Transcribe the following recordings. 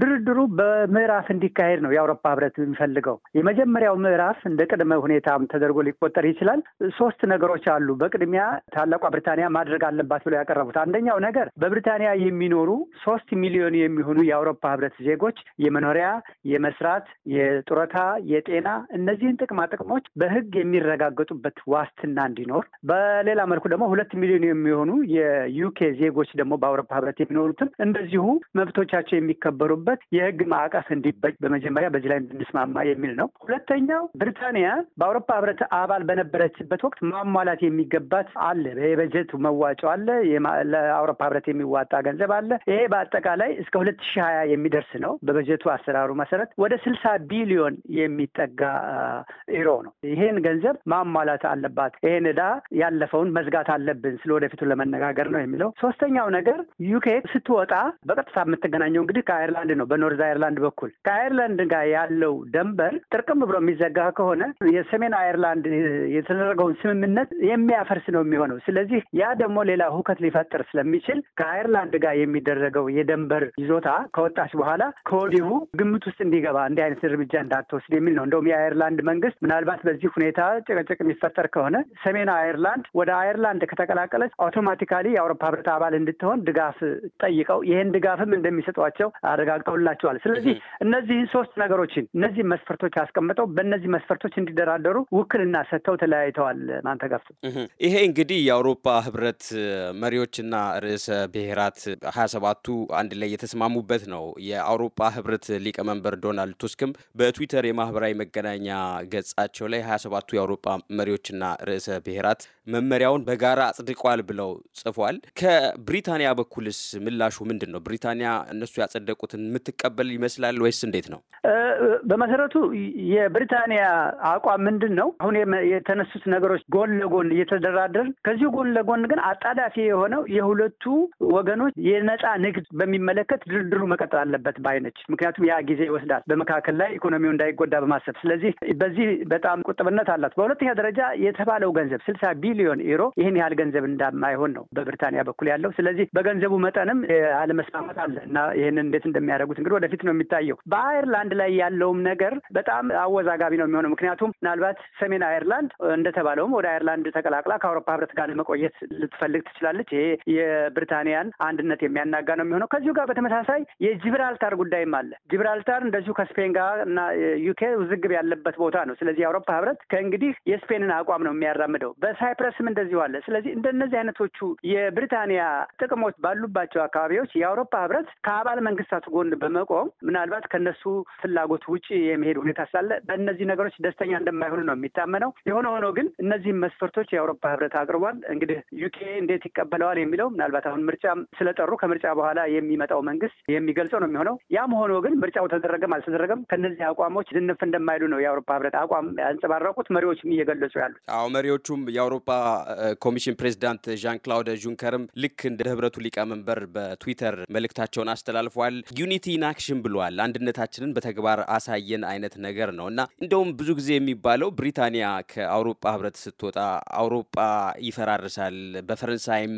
ድርድሩ በምዕራፍ እንዲካሄድ ነው የአውሮፓ ህብረት የሚፈልገው። የመጀመሪያው ምዕራፍ እንደ ቅድመ ሁኔታም ተደርጎ ሊቆጠር ይችላል። ሶስት ነገሮች አሉ። በቅድሚያ ታላቋ ብሪታንያ ማድረግ አለባት ብለው ያቀረቡት አንደኛው ነገር በብሪታንያ የሚኖሩ ሶስት ሚሊዮን የሚሆኑ የአውሮፓ ህብረት ዜጎች የመኖሪያ፣ የመስራት፣ የጡረታ፣ የጤና እነዚህን ጥቅማ ጥቅሞች በህግ የሚረጋገጡበት ዋስትና እንዲኖር፣ በሌላ መልኩ ደግሞ ሁለት ሚሊዮን የሚሆኑ የዩኬ ዜጎች ደግሞ በአውሮፓ ህብረት የሚኖሩትም እንደዚሁ መብቶቻቸው የሚከበሩ የሚቀመጡበት የህግ ማዕቀፍ እንዲበጅ በመጀመሪያ በዚህ ላይ እንድንስማማ የሚል ነው። ሁለተኛው ብሪታንያ በአውሮፓ ህብረት አባል በነበረችበት ወቅት ማሟላት የሚገባት አለ። የበጀት መዋጮ አለ፣ ለአውሮፓ ህብረት የሚዋጣ ገንዘብ አለ። ይሄ በአጠቃላይ እስከ ሁለት ሺ ሀያ የሚደርስ ነው። በበጀቱ አሰራሩ መሰረት ወደ ስልሳ ቢሊዮን የሚጠጋ ኢሮ ነው። ይሄን ገንዘብ ማሟላት አለባት። ይሄን ዕዳ ያለፈውን መዝጋት አለብን። ስለ ወደፊቱ ለመነጋገር ነው የሚለው። ሶስተኛው ነገር ዩኬ ስትወጣ በቀጥታ የምትገናኘው እንግዲህ ከአይርላንድ ምንድን ነው በኖርዝ አይርላንድ በኩል ከአይርላንድ ጋር ያለው ደንበር ጥርቅም ብሎ የሚዘጋ ከሆነ የሰሜን አይርላንድ የተደረገውን ስምምነት የሚያፈርስ ነው የሚሆነው። ስለዚህ ያ ደግሞ ሌላ ሁከት ሊፈጥር ስለሚችል ከአይርላንድ ጋር የሚደረገው የደንበር ይዞታ ከወጣች በኋላ ከወዲሁ ግምት ውስጥ እንዲገባ እንዲህ አይነት እርምጃ እንዳትወስድ የሚል ነው። እንደውም የአይርላንድ መንግስት ምናልባት በዚህ ሁኔታ ጭቅጭቅ የሚፈጠር ከሆነ ሰሜን አይርላንድ ወደ አይርላንድ ከተቀላቀለች አውቶማቲካሊ የአውሮፓ ህብረት አባል እንድትሆን ድጋፍ ጠይቀው ይህን ድጋፍም እንደሚሰጧቸው አረጋግ አመልክተውላቸዋል። ስለዚህ እነዚህን ሶስት ነገሮችን እነዚህ መስፈርቶች አስቀምጠው በእነዚህ መስፈርቶች እንዲደራደሩ ውክልና ሰጥተው ተለያይተዋል። ማንተ ይሄ እንግዲህ የአውሮፓ ህብረት መሪዎችና ርዕሰ ብሔራት ሀያ ሰባቱ አንድ ላይ የተስማሙበት ነው። የአውሮፓ ህብረት ሊቀመንበር ዶናልድ ቱስክም በትዊተር የማህበራዊ መገናኛ ገጻቸው ላይ ሀያ ሰባቱ የአውሮፓ መሪዎችና ርዕሰ ብሔራት መመሪያውን በጋራ አጽድቋል ብለው ጽፏል። ከብሪታንያ በኩልስ ምላሹ ምንድን ነው? ብሪታንያ እነሱ ያጸደቁትን የምትቀበል ይመስላል ወይስ እንዴት ነው? በመሰረቱ የብሪታንያ አቋም ምንድን ነው? አሁን የተነሱት ነገሮች ጎን ለጎን እየተደራደር ከዚሁ ጎን ለጎን ግን አጣዳፊ የሆነው የሁለቱ ወገኖች የነፃ ንግድ በሚመለከት ድርድሩ መቀጠል አለበት ባይነች። ምክንያቱም ያ ጊዜ ይወስዳል፣ በመካከል ላይ ኢኮኖሚው እንዳይጎዳ በማሰብ ስለዚህ በዚህ በጣም ቁጥብነት አላት። በሁለተኛ ደረጃ የተባለው ገንዘብ ስልሳ ቢሊዮን ዩሮ ይህን ያህል ገንዘብ እንደማይሆን ነው በብሪታንያ በኩል ያለው። ስለዚህ በገንዘቡ መጠንም አለመስማማት አለ እና ይህንን እንዴት እንደሚያ የሚያደርጉት እንግዲህ ወደፊት ነው የሚታየው። በአይርላንድ ላይ ያለውም ነገር በጣም አወዛጋቢ ነው የሚሆነው። ምክንያቱም ምናልባት ሰሜን አይርላንድ እንደተባለውም ወደ አይርላንድ ተቀላቅላ ከአውሮፓ ህብረት ጋር ለመቆየት ልትፈልግ ትችላለች። ይሄ የብሪታንያን አንድነት የሚያናጋ ነው የሚሆነው። ከዚሁ ጋር በተመሳሳይ የጂብራልታር ጉዳይም አለ። ጂብራልታር እንደዚሁ ከስፔን ጋር እና ዩኬ ውዝግብ ያለበት ቦታ ነው። ስለዚህ የአውሮፓ ህብረት ከእንግዲህ የስፔንን አቋም ነው የሚያራምደው። በሳይፕረስም እንደዚሁ አለ። ስለዚህ እንደነዚህ አይነቶቹ የብሪታንያ ጥቅሞች ባሉባቸው አካባቢዎች የአውሮፓ ህብረት ከአባል መንግስታቱ ጎን ጎን በመቆም ምናልባት ከነሱ ፍላጎት ውጭ የመሄድ ሁኔታ ስላለ በእነዚህ ነገሮች ደስተኛ እንደማይሆኑ ነው የሚታመነው። የሆነ ሆኖ ግን እነዚህም መስፈርቶች የአውሮፓ ህብረት አቅርቧል። እንግዲህ ዩኬ እንዴት ይቀበለዋል የሚለው ምናልባት አሁን ምርጫ ስለጠሩ ከምርጫ በኋላ የሚመጣው መንግስት የሚገልጸው ነው የሚሆነው። ያም ሆኖ ግን ምርጫው ተደረገም አልተደረገም ከነዚህ አቋሞች ዝንፍ እንደማይሉ ነው የአውሮፓ ህብረት አቋም ያንጸባረቁት መሪዎችም እየገለጹ ያሉት። አዎ መሪዎቹም የአውሮፓ ኮሚሽን ፕሬዚዳንት ዣን ክላውድ ጁንከርም ልክ እንደ ህብረቱ ሊቀመንበር በትዊተር መልእክታቸውን አስተላልፏል። ዩኒቲ ኢን አክሽን ብለዋል። አንድነታችንን በተግባር አሳየን አይነት ነገር ነው እና እንደውም ብዙ ጊዜ የሚባለው ብሪታንያ ከአውሮፓ ህብረት ስትወጣ አውሮፓ ይፈራርሳል፣ በፈረንሳይም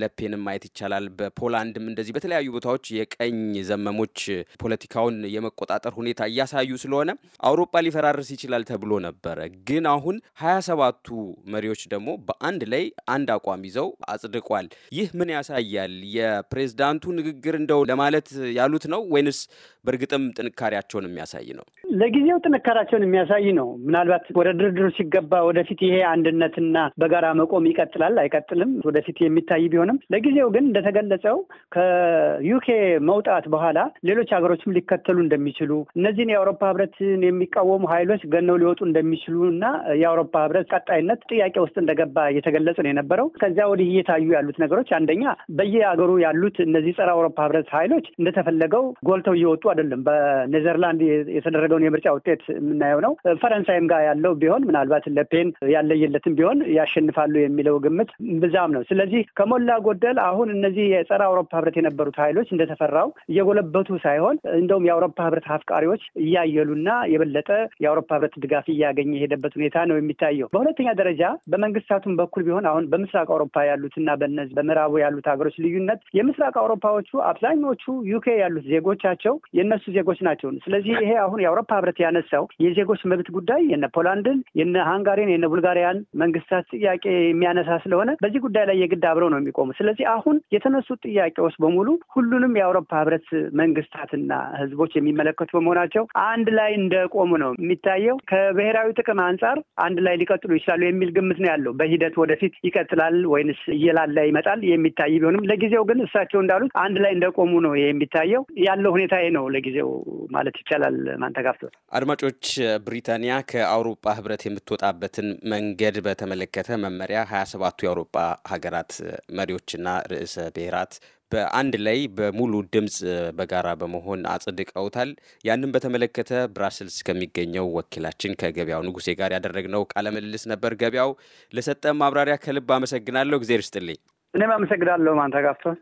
ለፔንም ማየት ይቻላል፣ በፖላንድም እንደዚህ በተለያዩ ቦታዎች የቀኝ ዘመሞች ፖለቲካውን የመቆጣጠር ሁኔታ እያሳዩ ስለሆነ አውሮፓ ሊፈራርስ ይችላል ተብሎ ነበረ። ግን አሁን ሀያ ሰባቱ መሪዎች ደግሞ በአንድ ላይ አንድ አቋም ይዘው አጽድቋል። ይህ ምን ያሳያል? የፕሬዝዳንቱ ንግግር እንደው ለማለት ያሉት ነው ወይንስ በእርግጥም ጥንካሬያቸውን የሚያሳይ ነው? ለጊዜው ጥንካሬያቸውን የሚያሳይ ነው። ምናልባት ወደ ድርድሩ ሲገባ ወደፊት ይሄ አንድነትና በጋራ መቆም ይቀጥላል አይቀጥልም ወደፊት የሚታይ ቢሆንም ለጊዜው ግን እንደተገለጸው ከዩኬ መውጣት በኋላ ሌሎች ሀገሮችም ሊከተሉ እንደሚችሉ እነዚህን የአውሮፓ ህብረትን የሚቃወሙ ኃይሎች ገነው ሊወጡ እንደሚችሉ እና የአውሮፓ ህብረት ቀጣይነት ጥያቄ ውስጥ እንደገባ እየተገለጸ ነው የነበረው። ከዚያ ወዲህ እየታዩ ያሉት ነገሮች አንደኛ በየሀገሩ ያሉት እነዚህ ጸረ አውሮፓ ህብረት ኃይሎች እንደተፈ እንደተፈለገው ጎልተው እየወጡ አይደለም። በኔዘርላንድ የተደረገውን የምርጫ ውጤት የምናየው ነው። ፈረንሳይም ጋር ያለው ቢሆን ምናልባት ለፔን ያለየለትም ቢሆን ያሸንፋሉ የሚለው ግምት ብዛም ነው። ስለዚህ ከሞላ ጎደል አሁን እነዚህ የጸረ አውሮፓ ህብረት የነበሩት ኃይሎች እንደተፈራው እየጎለበቱ ሳይሆን እንደውም የአውሮፓ ህብረት አፍቃሪዎች እያየሉና የበለጠ የአውሮፓ ህብረት ድጋፍ እያገኘ የሄደበት ሁኔታ ነው የሚታየው። በሁለተኛ ደረጃ በመንግስታቱም በኩል ቢሆን አሁን በምስራቅ አውሮፓ ያሉትና በነዚህ በምዕራቡ ያሉት ሀገሮች ልዩነት የምስራቅ አውሮፓዎቹ አብዛኞቹ ዩኬ ያሉት ዜጎቻቸው የእነሱ ዜጎች ናቸው። ስለዚህ ይሄ አሁን የአውሮፓ ህብረት ያነሳው የዜጎች መብት ጉዳይ የነ ፖላንድን የነ ሃንጋሪን የነ ቡልጋሪያን መንግስታት ጥያቄ የሚያነሳ ስለሆነ በዚህ ጉዳይ ላይ የግድ አብረው ነው የሚቆሙ። ስለዚህ አሁን የተነሱት ጥያቄዎች በሙሉ ሁሉንም የአውሮፓ ህብረት መንግስታትና ህዝቦች የሚመለከቱ በመሆናቸው አንድ ላይ እንደቆሙ ነው የሚታየው። ከብሔራዊ ጥቅም አንጻር አንድ ላይ ሊቀጥሉ ይችላሉ የሚል ግምት ነው ያለው። በሂደት ወደፊት ይቀጥላል ወይንስ እየላላ ይመጣል የሚታይ ቢሆንም ለጊዜው ግን እሳቸው እንዳሉት አንድ ላይ እንደቆሙ ነው የሚታየው። የሚታየው። ያለው ሁኔታ ነው ለጊዜው ማለት ይቻላል። ማንተጋፍቶ አድማጮች፣ ብሪታንያ ከአውሮፓ ህብረት የምትወጣበትን መንገድ በተመለከተ መመሪያ ሀያ ሰባቱ የአውሮፓ ሀገራት መሪዎችና ርዕሰ ብሔራት በአንድ ላይ በሙሉ ድምፅ በጋራ በመሆን አጽድቀውታል። ያንን በተመለከተ ብራስልስ ከሚገኘው ወኪላችን ከገበያው ንጉሴ ጋር ያደረግነው ቃለ ምልልስ ነበር። ገበያው፣ ለሰጠ ማብራሪያ ከልብ አመሰግናለሁ። እግዜር ይስጥልኝ። እኔም አመሰግናለሁ ማንተጋፍቶ።